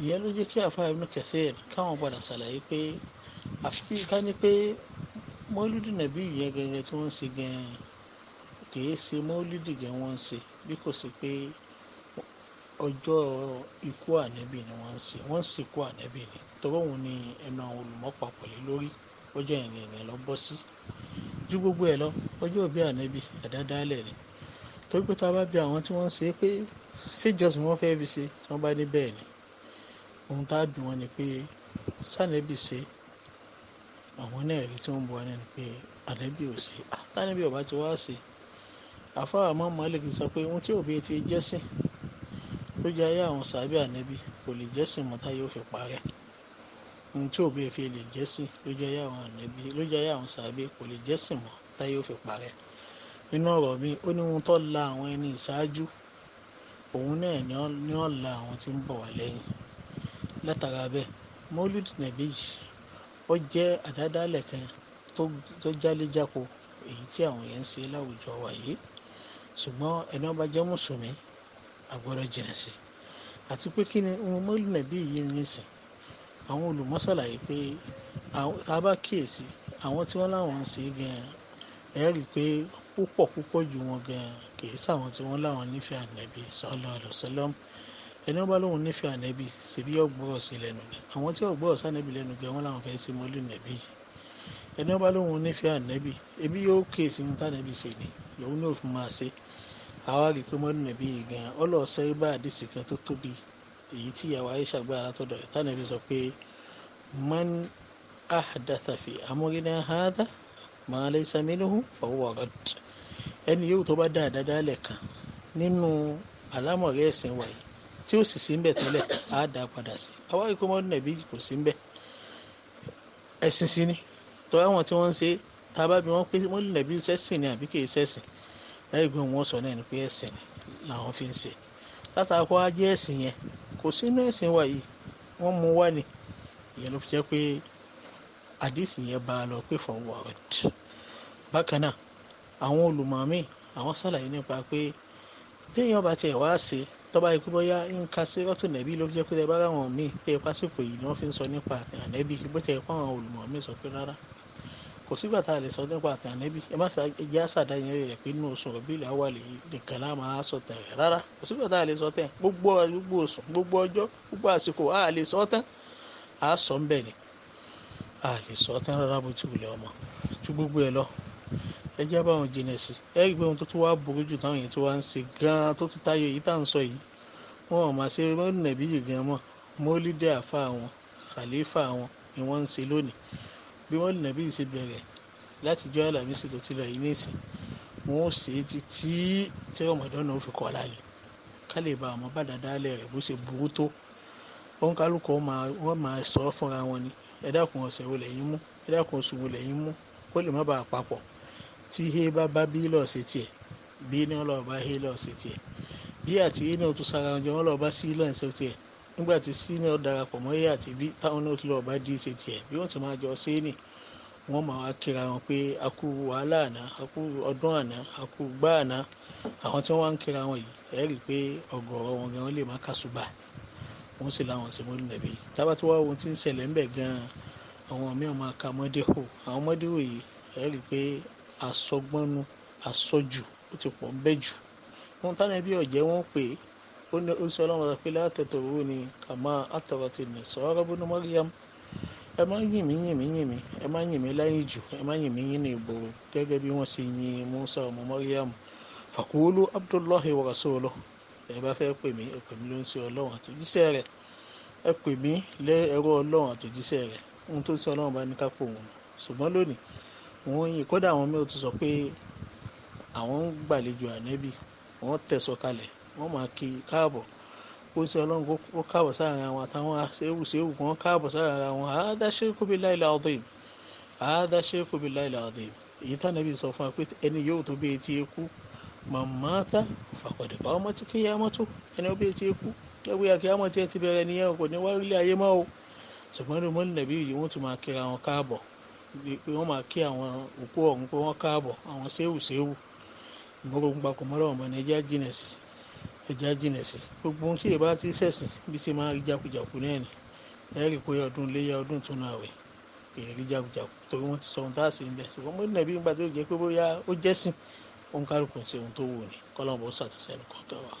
ìyẹn ló jẹ́ kí àfa Ibn Kathir káwọn padà ṣàlàyé pé àfi ká ní pé mọ́lúdì nàbí yẹn gẹ́gẹ́ tí wọ́n ń ṣe gan-an kìí ṣe mọ́lúdì gan wọ́n ń ṣe bí kò sí pé ọjọ́ ikú ànẹ́bì ni wọ́n ń ṣe wọ́n ń sìnkú ànẹ́bì ni tọ́wọ́ òun ni ẹnu àwọn olùmọ́papọ̀ lé lórí ọjọ́ ìrìn ìrìn lọ bọ́ sí ju gbogbo ẹ̀ lọ ọjọ́ òbí ànẹ́bì àdádálẹ̀ ni torí pé tá a bá bi àwọn tí wọ́n ń ṣe pé ṣéjọsìn wọ́n fẹ́ fi ṣe tí wọ́n bá ní bẹ́ẹ̀ ni ohun tá a bí wọn ni pé sànẹ́bì ṣe àwọn náà rí tí wọ́n bu ara ni pé ànẹ́bì ò ṣe àtànẹ́bì ah, ọba ti wá ṣe àfáà àmọ́ mọ́lẹ́kì sọ pé ohun tí òbí ti jẹ́sìn ló jẹ́ ayé àwọn sàbí ànẹ́bì kò lè jẹ́sìn mọ́tá yóò fi parẹ́ ohun tí òbí fi lè jẹ́sìn ló jẹ́ ayé àwọn ànẹ́bì ló jẹ́ ayé àwọn sàbí kò lè jẹ́sìn mọ́tá yóò fi parẹ́ nínú ọ̀rọ̀ mi ó ní ohun tó la àwọn ẹni ìṣáájú òun náà ni ó la àwọn tí ń bọ̀ wá lẹ́yìn látara bẹ́ẹ̀ Maulid Nabi ó jẹ́ àdádálẹ̀ kan tó jálẹ̀jáko èyí tí àwọn yẹn ń ṣe láwùjọ wa yìí ṣùgbọ́n ẹni wọn bá jẹ́ mùsùlùmí àgbọ̀dọ̀ jìnà sí àti pé kí ni ohun Maulid Nabi yìí nìsín àwọn olùmọ́sàlàyé pé tá a bá kíyèsí àwọn tí wọ́n láwọn ń ṣe gan-an ẹ rí i pé púpọ̀ púpọ̀ jù wọn gan-an kì í ṣàwọn tí wọ́n láwọn nífẹ̀ẹ́ ànábì sallallahu alaihi ẹni wọn bá lóun nífẹ̀ẹ́ ànẹ́bì ṣèbí ọ̀gbọ́rọ̀ sí lẹ́nu ni àwọn tí ọ̀gbọ́rọ̀ sí ànẹ́bì lẹ́nu gbé wọn làwọn fẹ́ẹ́ ṣe mọ́lú nẹ̀bí ẹni wọn lóun nífẹ̀ẹ́ ànẹ́bì ebi yóò ké sí ní tànẹ́bì ṣe ni lòun ní òfin máa ṣe àwa rí i pé mọ́lú nẹ̀bí yìí gan ọlọ́ọ̀sẹ́ bá àdìsí kan tó tóbi èyí tí ìyàwó Aisha gbá látọ̀dọ̀ rẹ̀ sọ pé man ahdatha fi amrina hadha ma laysa minhu fahuwa radd ẹni yóò tó bá dáadáa lẹ̀ tí ó sì sí ńbẹ tẹ́lẹ̀ á dá padà sí àwa rí i pé nàbí kò sí ńbẹ ẹ̀sìn sí ni tọ́wọ́ àwọn tí wọ́n ń ṣe tá a bá bí wọ́n pé mọ́dún nàbí sẹ́sìn ni àbí kìí sẹ́sìn ẹ̀rí pé wọ́n sọ náà ni pé ẹ̀sìn ni làwọn fi ń ṣe látàkọ́ ajé ẹ̀sìn yẹn kò sínú ẹ̀sìn wa yìí wọ́n mú wá ni ìyẹn ló fi jẹ́ pé àdìsí yẹn bá a lọ pé forward bákan náà àwọn olùmọ̀ míì àwọn sàlàyé nípa pé téèyàn bá tiẹ̀ wá ṣe tọ́ba ikú bóyá nǹkan sírọ́tù nẹ́bí ló jẹ́ pé ẹ bá ráwọn míì tẹ́ ẹ pásìkò yìí ni wọ́n fi ń sọ nípa àtànẹ́bí bó tẹ́ ẹ pa àwọn olùmọ̀ míì sọ pé rárá kò sígbà tá a lè sọ nípa àtànẹ́bí ẹ má jẹ́ àṣàdá yẹn rẹ̀ pé inú oṣù rẹ̀ wà lè nìkan lá máa sọ tẹ̀ rẹ̀ rárá kò sígbà tá a lè sọ tẹ̀ gbogbo oṣù gbogbo ọjọ́ gbogbo àsìkò a lè sọ tán a sọ ń bẹ̀ ni a lè sọ tán rárá bó ti wulẹ̀ ọmọ ẹ jẹ́ bá wọn jìnà sí ẹ rí i pé ohun tó tún wá burú jù táwọn èèyàn tó wá ń ṣe gan-an tó tún táyọ̀ èyí tá à ń sọ yìí wọn ò máa ṣe mọ́nàbí yìí gan mọ́ mọ́lídé àfa àwọn khalifa àwọn ni wọ́n ń ṣe lónìí bí mọ́nàbí yìí ṣe bẹ̀rẹ̀ láti jọ́ àlàmísì tó ti lọ yìí nìsín wọn ò ṣe é títí tí Ramadan náà fi kọ́ lálẹ́ ká lè ba àwọn bàdà dálẹ̀ rẹ̀ bó ṣe burú tó wọn kálukọ wọn máa sọ fúnra wọn ni ẹ dákun ọ̀sẹ̀ wo lẹ́yìn mú ẹ dákun oṣù wo lẹ́yìn mú kó lè má bàa papọ̀ tí he bá bá bí lọ sí tiẹ̀ bí ní wọn lọ bá he lọ sí tiẹ̀ bí àti he náà tún sára wọn jọ wọn lọ bá sí lọ sí tiẹ̀ nígbà tí sí náà darapọ̀ mọ́ he àti bí táwọn náà tún lọ bá dí sí tiẹ̀ bí wọ́n ti máa jọ sí ni wọ́n máa wá kíra wọn pé a kú wàhálà àná a kú ọdún àná a kú gbá àná àwọn tí wọ́n wá ń kíra wọn yìí ẹ rí i pé ọ̀gọ̀ọ̀rọ̀ wọn gan lè má kàṣùbà wọ́n sì láwọn sì mú nàbí tábà tó wá ohun tí ń ṣẹlẹ̀ ńbẹ̀ gan àwọn míì máa ka mọ́déhù àwọn mọ́déhù yìí ẹ rí i pé àsọgbọ́nu àsọjù ó ti pọ̀ ń bẹ́ jù wọn tánà bí ọ̀jẹ́ wọn pè é ó ní oṣù ọlọ́run sọ pé látẹ̀tẹ̀ owó ni kàmá àtàràtì ní sọ̀rọ̀ bínú mọ́ríyàm ẹ má yìn mí yìn mí yìn mí ẹ má yìn mí láyìn jù ẹ má yìn mí yìn ní ìgboro gẹ́gẹ́ bí wọ́n ṣe yin Musa ọmọ mọ́ríyàm fàkúólú Abdullahi wa rasuluhu ẹ bá fẹ́ pè mí pè mí ló ń ṣe ọlọ́run àtòjíṣẹ́ rẹ̀ ẹ pè mí lẹ́ ẹ̀rọ ọlọ́run àtòjíṣẹ́ rẹ̀ ohun tó ń ṣe ọlọ́run bá ní ká pò wọn ṣùgbọ́n lónìí wọ́n yìn kódà àwọn mẹ́rin ti sọ pé àwọn ń gbàlejò ànẹ́bì wọ́n tẹ̀sọ̀ kalẹ̀ wọ́n máa kí káàbọ̀ kó sí ọlọ́run kó káàbọ̀ sára wọn àtàwọn ṣéwù ṣéwù kan káàbọ̀ sára wọn àádá ṣéèkù billahi al-azim àádá ṣéèkù billahi al-azim èyí tá ànẹ́bì sọ fún wa pé ẹni yóò tó bí etí eku màmáta fàkọ̀dẹ̀ bá ọmọ tí kéèyàn mọ́ tó ẹni ó bí etí eku ẹgbẹ́ bíi pé wọ́n máa kí àwọn òkú ọ̀hún pé wọ́n káàbọ̀ àwọn séwù séwù ìmọ̀rògùn papọ̀ mọ́ra ọmọ ní ẹja jìnà sí ẹja jìnà sí gbogbo ohun tí èèyàn bá ti ṣẹ̀sìn bí ṣe máa rí jákujàku náà ni ẹ rí i pé ọdún iléyà ọdún ìtúnu àwẹ̀ kì í rí jákujàku torí wọ́n ti sọ ohun tá a ṣe ń bẹ̀ ṣùgbọ́n mo nàbí nígbà tó jẹ́ pé bóyá ó jẹ́sìn òun kálukú ṣe ohun tó wù ní kọ́lọ́mù bó ṣàtúnṣe